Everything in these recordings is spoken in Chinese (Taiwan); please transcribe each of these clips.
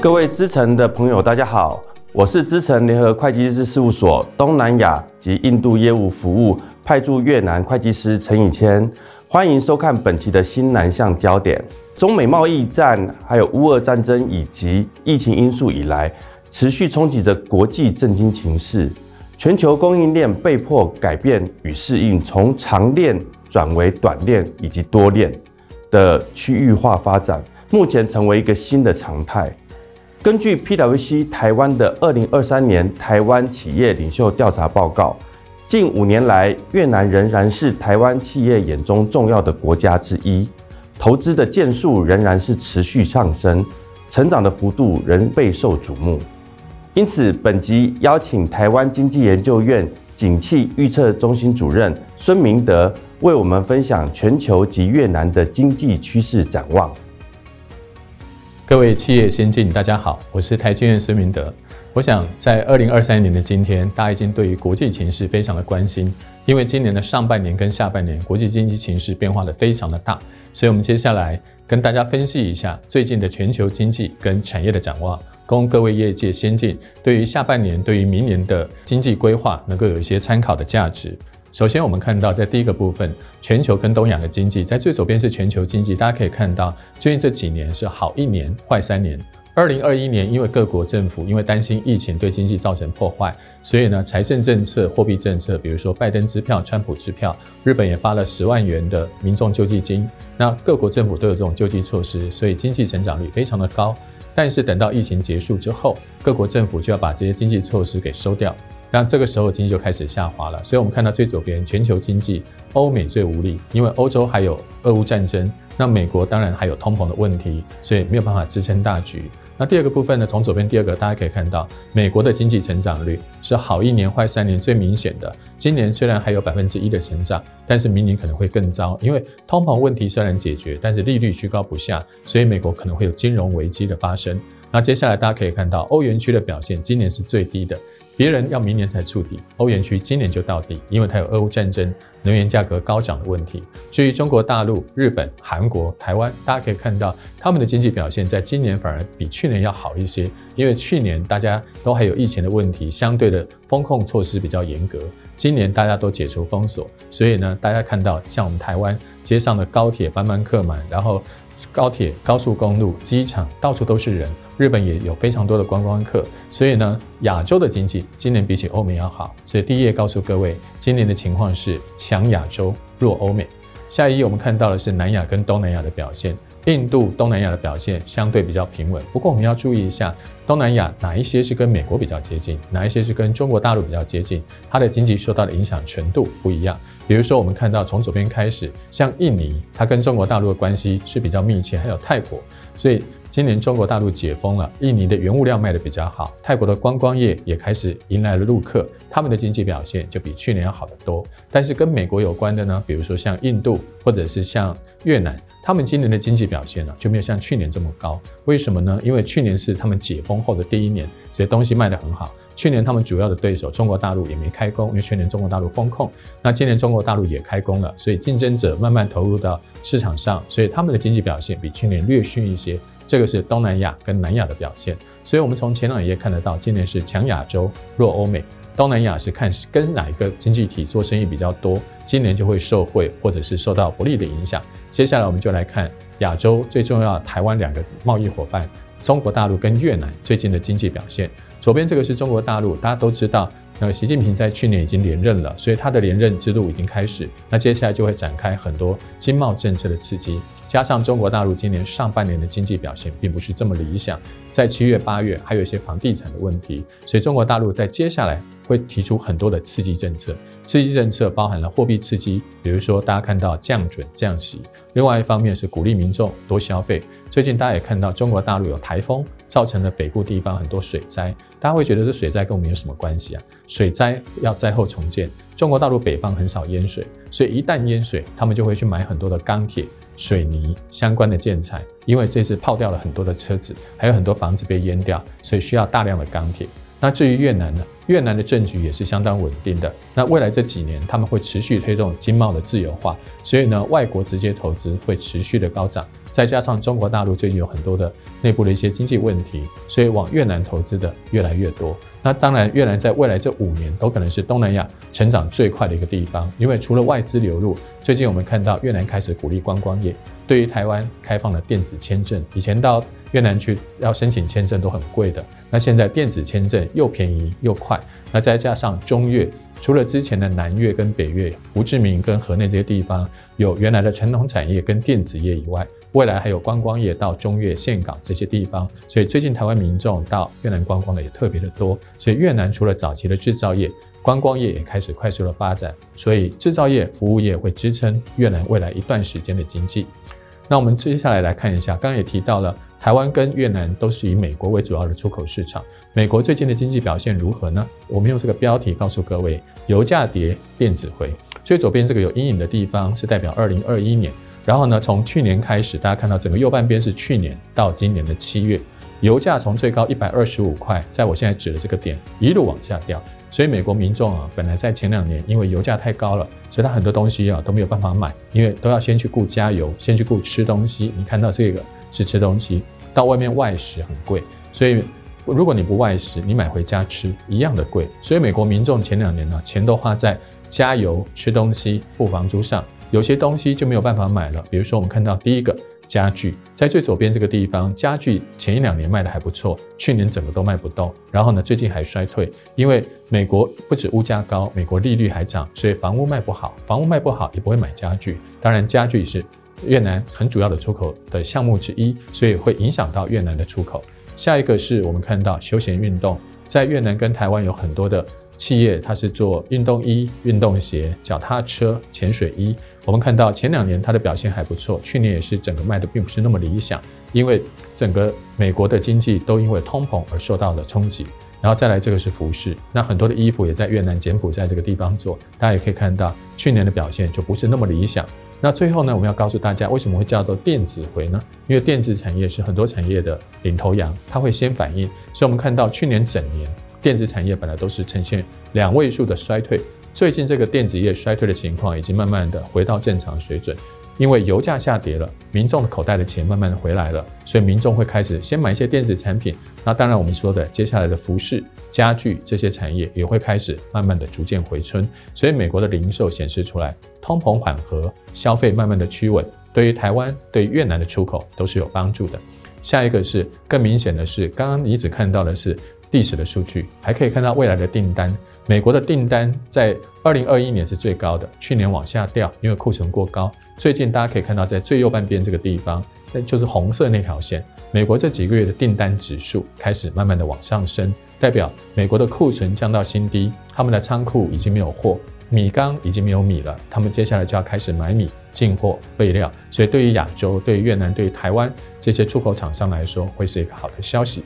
各位資誠的朋友，大家好，我是資誠聯合會計師事務所東南亞及印度業務服務派駐越南會計師陳以謙，歡迎收看本期的新南向焦點。中美貿易戰，還有烏俄戰爭以及疫情因素以來，持續衝擊着國際政經情勢，全球供應鏈被迫改變與適應，從長鏈轉為短鏈以及多鏈的區域化發展，目前成為一個新的常態。根據 PwC 台灣的二零二三年台灣企業領袖調查報告，近五年來，越南仍然是台灣企業眼中重要的國家之一，投資的件數仍然是持續上升，成長的幅度仍備受矚目。因此，本集邀請台灣經濟研究院景氣預測中心主任孫明德，為我們分享全球及越南的經濟趨勢展望。各位企業先進，大家好，我是台經院孫明德。我想在二零二三年的今天，大家已經對於國際情勢非常的關心，因為今年的上半年跟下半年國際經濟情勢變化的非常的大，所以我們接下來跟大家分析一下最近的全球經濟跟產業的展望，供各位業界先進對於下半年、對於明年的經濟規劃能夠有一些參考的價值。首先，我們看到在第一個部分，全球跟東亞的經濟，在最左邊是全球經濟，大家可以看到，最近這幾年是好一年，壞三年。二零二一年，因為各國政府因為擔心疫情對經濟造成破壞，所以呢，財政政策、貨幣政策，比如說拜登支票、川普支票，日本也發了十萬元的民眾救濟金，那各國政府都有這種救濟措施，所以經濟成長率非常的高。但是等到疫情結束之後，各國政府就要把這些經濟措施給收掉。那這個時候經濟就開始下滑了，所以我們看到最左邊全球經濟，歐美最無力，因為歐洲還有俄烏戰爭，那美國當然還有通膨的問題，所以沒有辦法支撐大局。那第二個部分呢，從左邊第二個大家可以看到，美國的經濟成長率是好一年壞三年最明顯的。今年雖然還有百分之一的成長，但是明年可能會更糟，因為通膨問題雖然解決，但是利率居高不下，所以美國可能會有金融危機的發生。那接下來大家可以看到歐元區的表現，今年是最低的。別人要明年才觸底，歐元區今年就到底，因為它有俄烏戰爭、能源價格高漲的問題。至於中國大陸、日本、韓國、台灣，大家可以看到他們的經濟表現，在今年反而比去年要好一些，因為去年大家都還有疫情的問題，相對的封控措施比較嚴格。今年大家都解除封鎖，所以呢，大家看到像我們台灣街上的高鐵班班客滿，然後。高鐵、高速公路、機場，到處都是人。日本也有非常多的觀光客，所以呢，亞洲的經濟今年比起歐美要好。所以第一頁告訴各位，今年的情況是強亞洲，弱歐美。下一頁我們看到的是南亞跟東南亞的表現。印度、東南亞的表現相對比較平穩，不過我們要注意一下東南亞哪一些是跟美國比較接近，哪一些是跟中國大陸比較接近，它的經濟受到的影響程度不一樣。比如說，我們看到從左邊開始，像印尼，它跟中國大陸的關係是比較密切，還有泰國，所以今年中國大陸解封了，印尼的原物料賣得比較好，泰國的觀光業也開始迎來了陸客，他們的經濟表現就比去年要好得多。但是跟美國有關的呢，比如說像印度，或者是像越南。他們今年的經濟表現呢、啊，就沒有像去年這麼高。為什麼呢？因為去年是他們解封後的第一年，所以東西賣得很好。去年他們主要的對手中國大陸也沒開工，因為去年中國大陸封控。那今年中國大陸也開工了，所以競爭者慢慢投入到市場上，所以他們的經濟表現比去年略遜一些。這個是東南亞跟南亞的表現。所以我們從前兩頁看得到，今年是強亞洲，弱歐美。東南亞是看跟哪一個經濟體做生意比較多，今年就會受惠，或者是受到不利的影響。接下來我們就來看亞洲最重要的台灣兩個貿易夥伴，中國大陸跟越南最近的經濟表現。左邊這個是中國大陸，大家都知道。那習近平在去年已經連任了，所以他的連任制度已經開始。那接下來就會展開很多經貿政策的刺激，加上中國大陸今年上半年的經濟表現並不是這麼理想，在七月八月還有一些房地產的問題，所以中國大陸在接下來會提出很多的刺激政策。刺激政策包含了貨幣刺激，比如說大家看到降準降息；另外一方面是鼓勵民眾多消費。最近大家也看到中國大陸有颱風。造成了北部地方很多水災，大家會覺得這水災跟我們有什麼關係啊？水災要災後重建，中國大陸北方很少淹水，所以一旦淹水，他們就會去買很多的鋼鐵、水泥相關的建材，因為這次泡掉了很多的車子，還有很多房子被淹掉，所以需要大量的鋼鐵。那至於越南呢？越南的政局也是相當穩定的。那未來這幾年，他們會持續推動經貿的自由化，所以呢，外國直接投資會持續的高漲。再加上中國大陸最近有很多的內部的一些經濟問題，所以往越南投資的越來越多。那當然，越南在未來這五年都可能是東南亞成長最快的一個地方，因為除了外資流入，最近我們看到越南開始鼓勵觀光業，對於台灣開放了電子簽證。以前到越南去要申請簽證都很貴的，那現在電子簽證又便宜又快。那再加上中越，除了之前的南越跟北越，胡志明跟河內這些地方有原來的傳統產業跟電子業以外，未來還有觀光業到中越、峴港這些地方，所以最近台灣民眾到越南觀光的也特別的多，所以越南除了早期的製造業，觀光業也開始快速的發展，所以製造業、服務業會支撐越南未來一段時間的經濟。那我們接下來來看一下，剛剛也提到了。台灣跟越南都是以美國為主要的出口市場。美國最近的經濟表現如何呢？我們用這個標題告訴各位：油價跌，便止回。最左邊這個有陰影的地方是代表二零二一年。然後呢，從去年開始，大家看到整個右半邊是去年到今年的七月，油價從最高一百二十五塊，在我現在指的這個點一路往下掉。所以美國民眾啊，本來在前兩年因為油價太高了，所以他很多東西啊都沒有辦法買，因為都要先去顧加油，先去顧吃東西。你看到這個？是吃東西，到外面外食很貴，所以如果你不外食，你買回家吃一樣的貴。所以美國民眾前兩年呢，錢都花在加油、吃東西、付房租上，有些東西就沒有辦法買了。比如說，我們看到第一個家具，在最左邊這個地方，家具前一兩年賣的還不錯，去年整個都賣不動，然後呢，最近還衰退，因為美國不止物價高，美國利率還漲，所以房屋賣不好，房屋賣不好也不會買家具。當然，家具也是。越南很主要的出口的項目之一，所以會影響到越南的出口。下一個是我們看到休閒運動，在越南跟台灣有很多的企業，它是做運動衣、運動鞋、腳踏車、潛水衣。我們看到前兩年它的表現還不錯，去年也是整個賣的並不是那麼理想，因為整個美國的經濟都因為通膨而受到了衝擊。然後再來這個是服飾，那很多的衣服也在越南、柬埔寨這個地方做，大家也可以看到去年的表現就不是那麼理想。那最後呢，我們要告訴大家為什麼會叫做電子回呢？因為電子產業是很多產業的領頭羊，它會先反應。所以，我們看到去年整年電子產業本來都是呈現兩位數的衰退，最近這個電子業衰退的情況已經慢慢的回到正常水準。因為油價下跌了，民眾的口袋的錢慢慢的回來了，所以民眾會開始先買一些電子產品。那當然，我們說的接下來的服飾、家具這些產業也會開始慢慢的逐漸回春。所以美國的零售顯示出來，通膨緩和，消費慢慢的趨穩，對於台灣對於越南的出口都是有幫助的。下一個是更明顯的是，剛剛你只看到的是歷史的數據，還可以看到未來的訂單。美國的訂單在二零二一年是最高的，去年往下掉，因為庫存過高。最近大家可以看到，在最右半邊這個地方，那就是紅色那條線。美國這幾個月的訂單指數開始慢慢的往上升，代表美國的庫存降到新低，他們的倉庫已經沒有貨，米缸已經沒有米了，他們接下來就要開始買米進貨備料。所以對於亞洲、對於越南、對於台灣這些出口廠商來說，會是一個好的消息。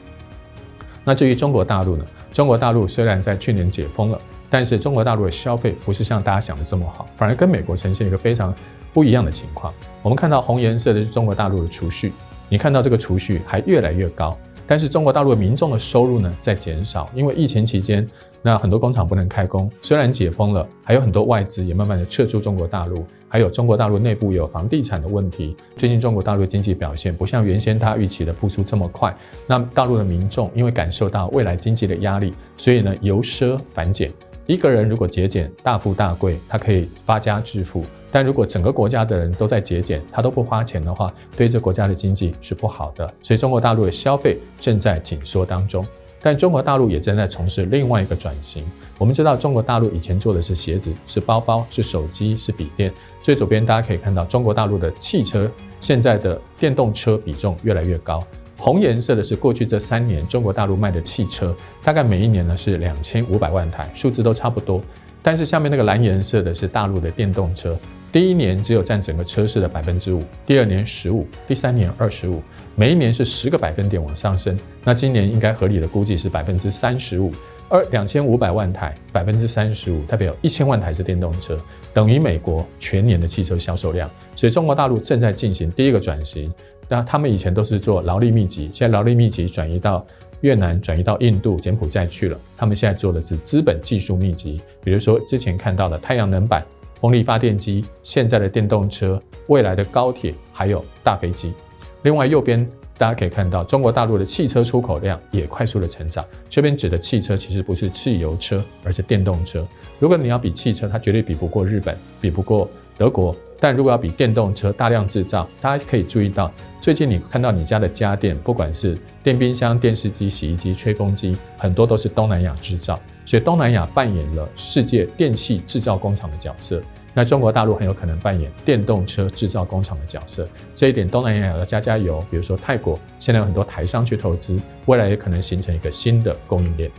那至於中國大陸呢？中國大陸雖然在去年解封了，但是中國大陸的消費不是像大家想的這麼好，反而跟美國呈現一個非常不一樣的情況。我們看到紅顏色的是中國大陸的儲蓄，你看到這個儲蓄還越來越高，但是中國大陸的民眾的收入呢，在減少，因為疫情期間。那很多工廠不能開工，雖然解封了，還有很多外資也慢慢的撤出中國大陸，還有中國大陸內部有房地產的問題。最近中國大陸經濟表現不像原先他預期的復甦這麼快。那大陸的民眾因為感受到未來經濟的壓力，所以呢，由奢返儉。一個人如果節儉，大富大貴，他可以發家致富；但如果整個國家的人都在節儉，他都不花錢的話，對這國家的經濟是不好的。所以中國大陸的消費正在緊縮當中。但中國大陸也正在從事另外一個轉型。我們知道中國大陸以前做的是鞋子、是包包、是手機、是筆電。最左邊大家可以看到中國大陸的汽車現在的電動車比重越來越高。紅顏色的是過去這三年中國大陸賣的汽車，大概每一年呢是兩千五百萬台，數字都差不多。但是下面那個藍顏色的是大陸的電動車，第一年只有占整個車市的百分之五，第二年十五，第三年二十五。每一年是十個百分點往上升，那今年應該合理的估計是百分之三十五，而兩千五百萬台百分之三十五代表有一千萬台是電動車，等於美國全年的汽車銷售量。所以中國大陸正在進行第一個轉型，那他們以前都是做勞力密集，現在勞力密集轉移到越南、轉移到印度、柬埔寨去了。他們現在做的是資本技術密集，比如說之前看到的太陽能板、風力發電機、現在的電動車、未來的高鐵，還有大飛機。另外，右邊大家可以看到，中國大陸的汽車出口量也快速的成長。這邊指的汽車其實不是汽油車，而是電動車。如果你要比汽車，它絕對比不過日本，比不過德國。但如果要比電動車大量製造，大家可以注意到，最近你看到你家的家電，不管是電冰箱、電視機、洗衣機、吹風機，很多都是東南亞製造。所以，東南亞扮演了世界電器製造工廠的角色。那中國大陸很有可能扮演電動車製造工廠的角色，這一點東南亞也要加加油，比如說泰國現在有很多台商去投資，未來也可能形成一個新的供應鏈。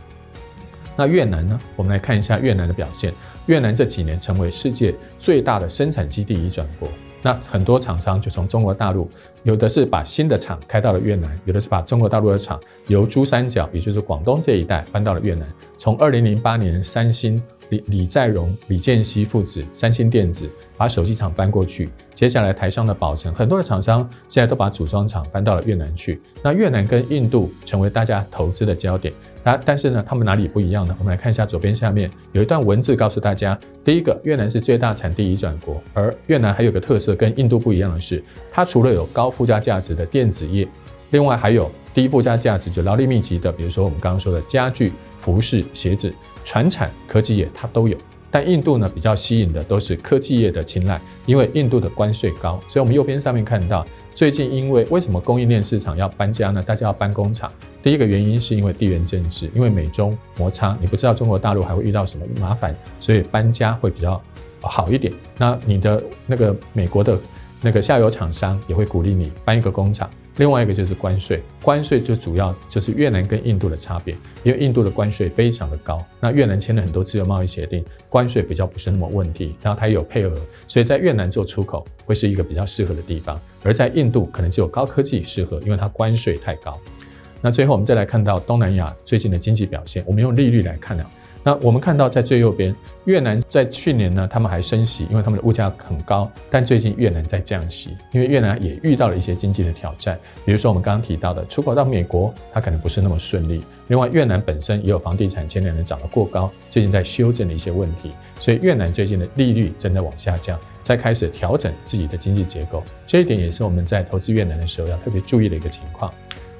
那越南呢？我們來看一下越南的表現，越南這幾年成為世界最大的生產基地移轉國。那很多廠商就從中國大陸，有的是把新的廠開到了越南，有的是把中國大陸的廠由珠三角，也就是廣東這一帶搬到了越南。從二零零八年，三星李李在鎔、李健熙父子，三星電子把手機廠搬過去，接下來台商的寶成，很多的廠商現在都把組裝廠搬到了越南去。那越南跟印度成為大家投資的焦點。啊，但是呢，他們哪裡不一樣呢？我們來看一下左邊下面有一段文字，告訴大家：第一個，越南是最大產地移轉國，而越南還有個特色，跟印度不一樣的是，它除了有高附加價值的電子業，另外還有低附加價值，就勞力密集的，比如說我們剛剛說的家具、服飾、鞋子、傳產、科技業，它都有。但印度呢，比較吸引的都是科技業的青睞，因為印度的關稅高，所以我們右邊上面看到。最近因為為什麼供應鏈市場要搬家呢？大家要搬工廠，第一個原因是因為地緣政治，因為美中摩擦，你不知道中國大陸還會遇到什麼麻煩，所以搬家會比較好一點。那你的那個美國的那個下游廠商也會鼓勵你搬一個工廠。另外一個就是關稅，關稅就主要就是越南跟印度的差別，因為印度的關稅非常的高，那越南簽了很多自由貿易協定，關稅比較不是那麼問題，然後它也有配額，所以在越南做出口會是一個比較適合的地方，而在印度可能只有高科技適合，因為它關稅太高。那最後我們再來看到東南亞最近的經濟表現，我們用利率來看了啊。那我們看到，在最右邊，越南在去年呢，他們還升息，因為他們的物價很高。但最近越南在降息，因為越南也遇到了一些經濟的挑戰，比如說我們剛剛提到的，出口到美國它可能不是那麼順利。另外，越南本身也有房地產前兩年漲得過高，最近在修正的一些問題。所以越南最近的利率正在往下降，在開始調整自己的經濟結構。這一點也是我們在投資越南的時候要特別注意的一個情況。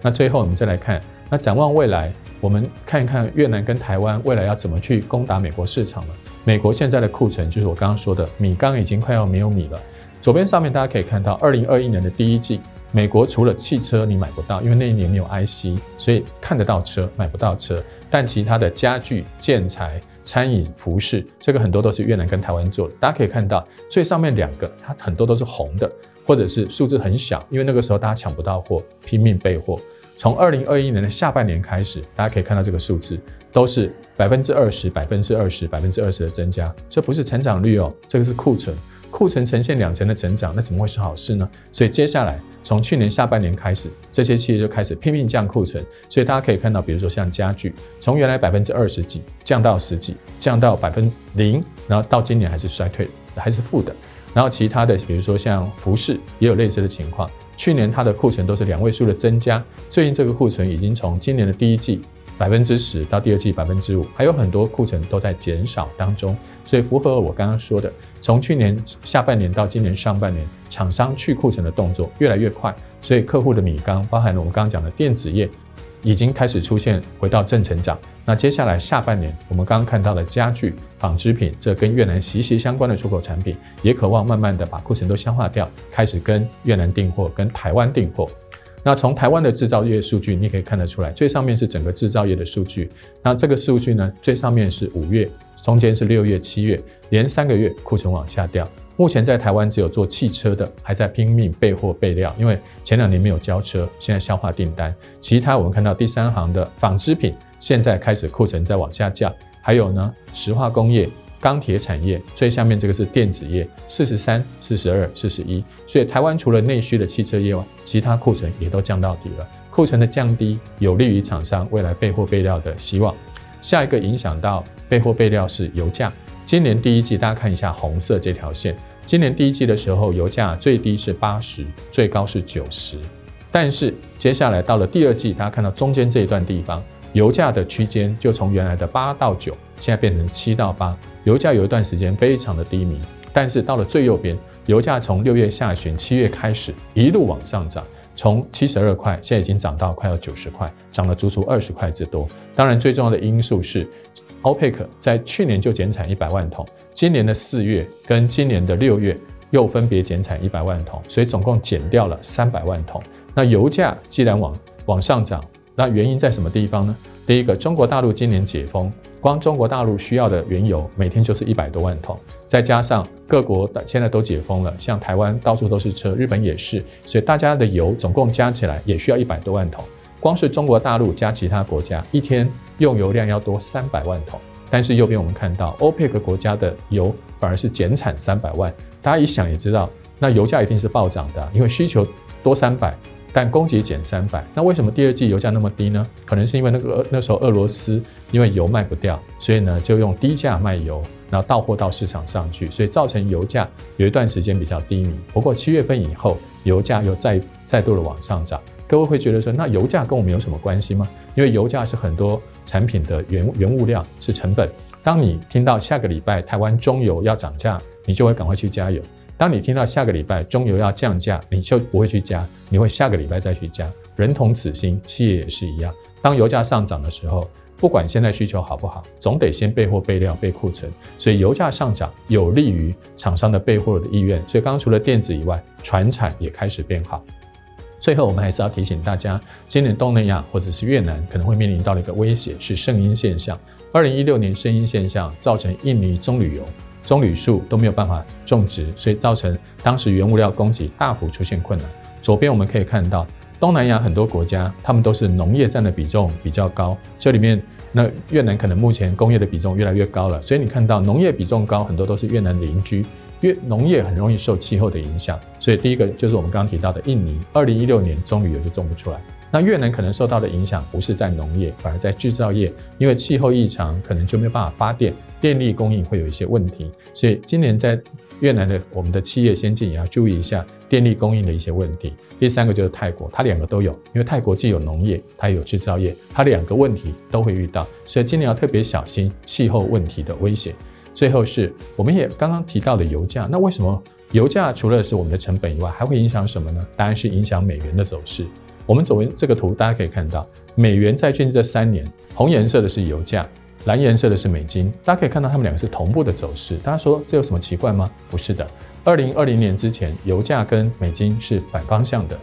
那最後我們再來看。那展望未來，我們看一看越南跟台灣未來要怎麼去攻打美國市場了。美國現在的庫存就是我剛剛說的米缸已經快要沒有米了。左邊上面大家可以看到，二零二一年的第一季，美國除了汽車你買不到，因為那一年沒有 IC，所以看得到車，買不到車。但其他的家具、建材、餐飲、服飾，這個很多都是越南跟台灣做的。大家可以看到最上面兩個，它很多都是紅的，或者是數字很小，因為那個時候大家搶不到貨，拼命備貨。從二零二一年的下半年開始，大家可以看到這個數字都是百分之二十、百分之二十、百分之二十的增加。這不是成長率哦，這個是庫存，庫存呈現兩成的成長，那怎麼會是好事呢？所以接下來從去年下半年開始，這些企業就開始拼命降庫存。所以大家可以看到，比如說像家具，從原來百分之二十幾降到十幾，降到百分零，然後到今年還是衰退，還是負的。然後其他的，比如說像服飾，也有類似的情況。去年它的庫存都是兩位數的增加，最近這個庫存已經從今年的第一季百分之十到第二季百分之五，還有很多庫存都在減少當中，所以符合我剛剛說的，從去年下半年到今年上半年，廠商去庫存的動作越來越快，所以客戶的米缸包含了我們剛剛講的電子業，已經開始出現回到正成長，那接下來下半年我們剛剛看到的家具、紡織品，這跟越南息息相關的出口產品，也可望慢慢的把庫存都消化掉，開始跟越南訂貨、跟台灣訂貨。那從台灣的製造業數據，你可以看得出來，最上面是整個製造業的數據，那這個數據呢，最上面是五月，中間是六月、七月，連三個月庫存往下掉。目前在台灣只有做汽車的還在拼命備貨備料，因為前兩年沒有交車，現在消化訂單。其他我們看到第三行的紡織品現在開始庫存在往下降，還有呢，石化工業、鋼鐵產業，最下面這個是電子業，四十三、四十二、四十一。所以台灣除了內需的汽車業外，其他庫存也都降到底了。庫存的降低有利於廠商未來備貨備料的希望。下一個影響到備貨備料是油價。今年第一季，大家看一下紅色這條線。今年第一季的時候，油價最低是八十，最高是九十。但是接下來到了第二季，大家看到中間這一段地方，油價的區間就從原來的八到九，現在變成七到八。油價有一段時間非常的低迷，但是到了最右邊，油價從六月下旬、七月開始一路往上漲。從七十二塊，現在已經漲到快要九十塊，漲了足足二十塊之多。當然，最重要的因素是，OPEC 在去年就減產一百萬桶，今年的四月跟今年的六月又分別減產一百萬桶，所以總共減掉了三百萬桶。那油價既然往往上漲。那原因在什麼地方呢？第一個，中國大陸今年解封，光中國大陸需要的原油每天就是一百多萬桶，再加上各國現在都解封了，像台灣到處都是車，日本也是，所以大家的油總共加起來也需要一百多萬桶。光是中國大陸加其他國家，一天用油量要多三百萬桶。但是右邊我們看到歐佩克國家的油反而是減產三百萬，大家一想也知道，那油價一定是暴漲的，因為需求多三百。但供給減三百，那為什麼第二季油價那麼低呢？可能是因為那個那時候俄羅斯因為油賣不掉，所以呢就用低價賣油，然後到貨到市場上去，所以造成油價有一段時間比較低迷。不過七月份以後，油價又再再度的往上漲。各位會覺得說，那油價跟我們有什麼關係嗎？因為油價是很多產品的原原物料，是成本。當你聽到下個禮拜台灣中油要漲價，你就會趕快去加油。當你聽到下個禮拜中油要降價，你就不會去加，你會下個禮拜再去加。人同此心，企業也是一樣。當油價上漲的時候，不管現在需求好不好，總得先備貨、備料、備庫存。所以油價上漲有利於廠商的備貨的意願。所以，剛剛除了電子以外，傳產也開始變好。最後，我們還是要提醒大家，今年東南亞或者是越南可能會面臨到了一個威脅，是聖嬰現象。二零一六年聖嬰現象造成印尼棕櫚油棕櫚樹都沒有辦法種植，所以造成當時原物料供給大幅出現困難。左邊我們可以看到東南亞很多國家，他們都是農業佔的比重比較高。這裡面，那越南可能目前工業的比重越來越高了，所以你看到農業比重高，很多都是越南鄰居，越農業很容易受氣候的影響。所以第一個就是我們剛剛提到的印尼，二零一六年棕櫚油就種不出來。那越南可能受到的影響不是在農業，反而在製造業，因為氣候異常，可能就沒有辦法發電，電力供應會有一些問題。所以今年在越南的我們的企業先進也要注意一下電力供應的一些問題。第三個就是泰國，它兩個都有，因為泰國既有農業，它也有製造業，它兩個問題都會遇到，所以今年要特別小心氣候問題的危險。最後是我們也剛剛提到的油價，那為什麼油價除了是我們的成本以外，還會影響什麼呢？當然是影響美元的走勢。我們走完這個圖，大家可以看到，美元債券這三年，紅顏色的是油價，藍顏色的是美金。大家可以看到，它們兩個是同步的走勢。大家說這有什麼奇怪嗎？不是的。二零二零年之前，油價跟美金是反方向的，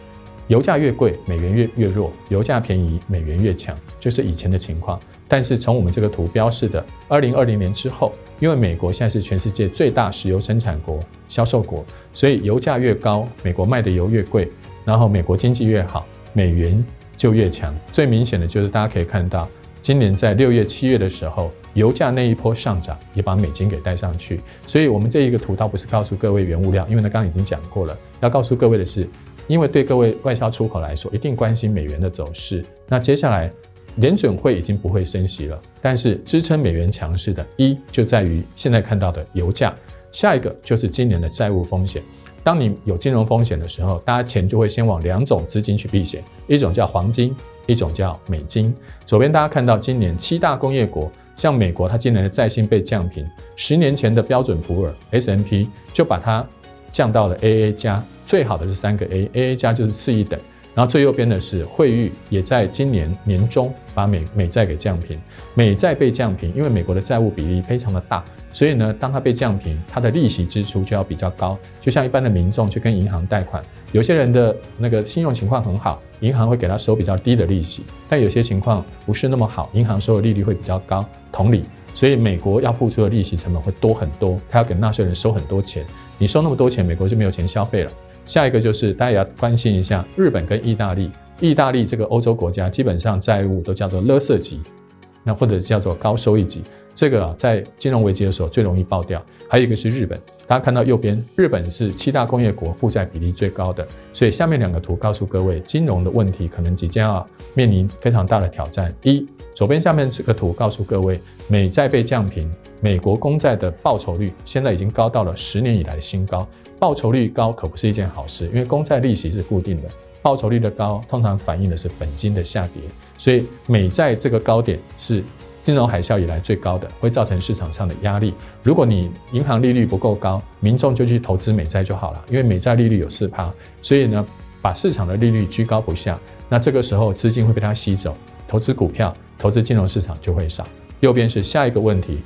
油價越貴，美元越越弱；油價便宜，美元越強，就是以前的情況。但是從我們這個圖標示的，二零二零年之後，因為美國現在是全世界最大石油生產國、銷售國，所以油價越高，美國賣的油越貴，然後美國經濟越好。美元就越強，最明顯的就是大家可以看到，今年在六月、七月的時候，油價那一波上漲也把美金給帶上去。所以，我們這一個圖倒不是告訴各位原物料，因為呢，剛剛已經講過了，要告訴各位的是，因為對各位外銷出口來說，一定關心美元的走勢。那接下來，聯準會已經不會升息了，但是支撐美元強勢的，一就在於現在看到的油價，下一個就是今年的債務風險。當你有金融風險的時候，大家錢就會先往兩種資金去避險，一種叫黃金，一種叫美金。左邊大家看到，今年七大工業國，像美國，它今年的債信被降評，十年前的標準普爾 S&P 就把它降到了 A A 加，最好的是三個 A, A，A A 加就是次一等。然後最右邊的是惠譽，也在今年年中把美美債給降評，美債被降評，因為美國的債務比例非常的大。所以呢，當它被降評，它的利息支出就要比較高。就像一般的民眾去跟銀行貸款，有些人的那個信用情況很好，銀行會給他收比較低的利息；但有些情況不是那麼好，銀行收的利率會比較高。同理，所以美國要付出的利息成本會多很多，它要給納稅人收很多錢。你收那麼多錢，美國就沒有錢消費了。下一個就是大家也要關心一下日本跟意大利，意大利這個歐洲國家基本上債務都叫做垃圾級，那或者叫做高收益級。這個啊，在金融危機的時候最容易爆掉。還有一個是日本，大家看到右邊，日本是七大工業國負債比例最高的。所以下面兩個圖告訴各位，金融的問題可能即將要、啊、面臨非常大的挑戰。一，左邊下面這個圖告訴各位，美債被降評，美國公債的報酬率現在已經高到了十年以來的新高。報酬率高可不是一件好事，因為公債利息是固定的，報酬率的高通常反映的是本金的下跌。所以美債這個高點是金融海嘯以來最高的，會造成市場上的壓力。如果你銀行利率不夠高，民眾就去投資美債就好了，因為美債利率有四趴，所以呢，把市場的利率居高不下。那這個時候資金會被它吸走，投資股票、投資金融市場就會少。右邊是下一個問題。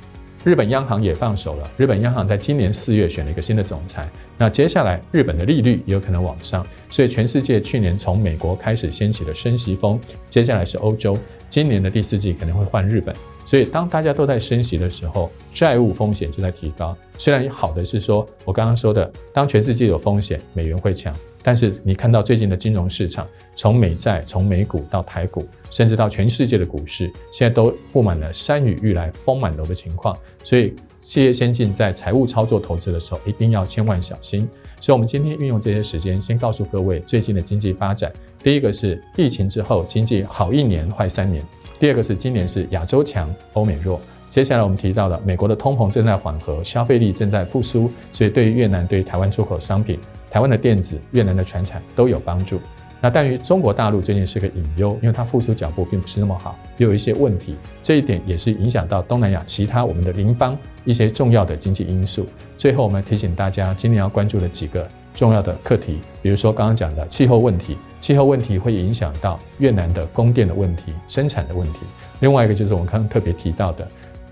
日本央行也放手了。日本央行在今年四月選了一個新的總裁，那接下來日本的利率也有可能往上。所以全世界去年從美國開始掀起了升息風，接下來是歐洲，今年的第四季可能會換日本。所以當大家都在升息的時候，債務風險就在提高。雖然好的是說，我剛剛說的，當全世界有風險，美元會強。但是你看到最近的金融市場，從美債、從美股到台股，甚至到全世界的股市，現在都布滿了山雨欲來風滿樓的情況。所以，企業先進在財務操作投資的時候，一定要千萬小心。所以，我們今天運用這些時間，先告訴各位最近的經濟發展：第一個是疫情之後經濟好一年壞三年；第二個是今年是亞洲強、歐美弱。接下來我們提到了，美國的通膨正在緩和，消費力正在復甦，所以對於越南、對台灣出口商品，台灣的電子、越南的傳產都有幫助。那但於中國大陸最近是個隱憂，因為它復甦腳步並不是那麼好，也有一些問題，這一點也是影響到東南亞其他我們的鄰邦一些重要的經濟因素。最後我們提醒大家，今年要關注的幾個重要的課題，比如說剛剛講的氣候問題，氣候問題會影響到越南的供電的問題、生產的問題。另外一個就是我們剛剛特別提到的。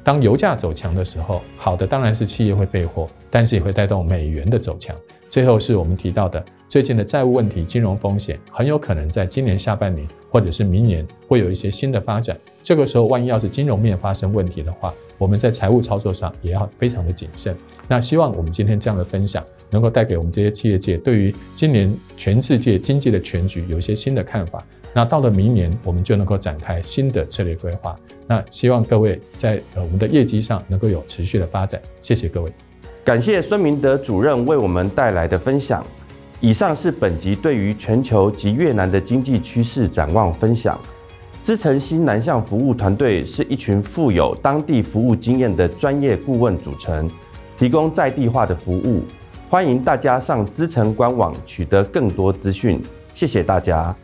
當油價走強的時候，好的，當然是企業會備貨，但是也會帶動美元的走強。最後是我們提到的最近的債務問題、金融風險，很有可能在今年下半年或者是明年會有一些新的發展。這個時候，萬一要是金融面發生問題的話，我們在財務操作上也要非常的謹慎。那希望我們今天這樣的分享。能夠帶給我們這些企業界對於今年全世界經濟的全局有一些新的看法。那到了明年，我們就能夠展開新的策略規劃。那希望各位在我們的業績上能夠有持續的發展。謝謝各位，感謝孫明德主任為我們帶來的分享。以上是本集對於全球及越南的經濟趨勢展望分享。資誠新南向服務團隊是一群富有當地服務經驗的專業顧問組成，提供在地化的服務。歡迎大家上資誠官網，取得更多資訊。謝謝大家。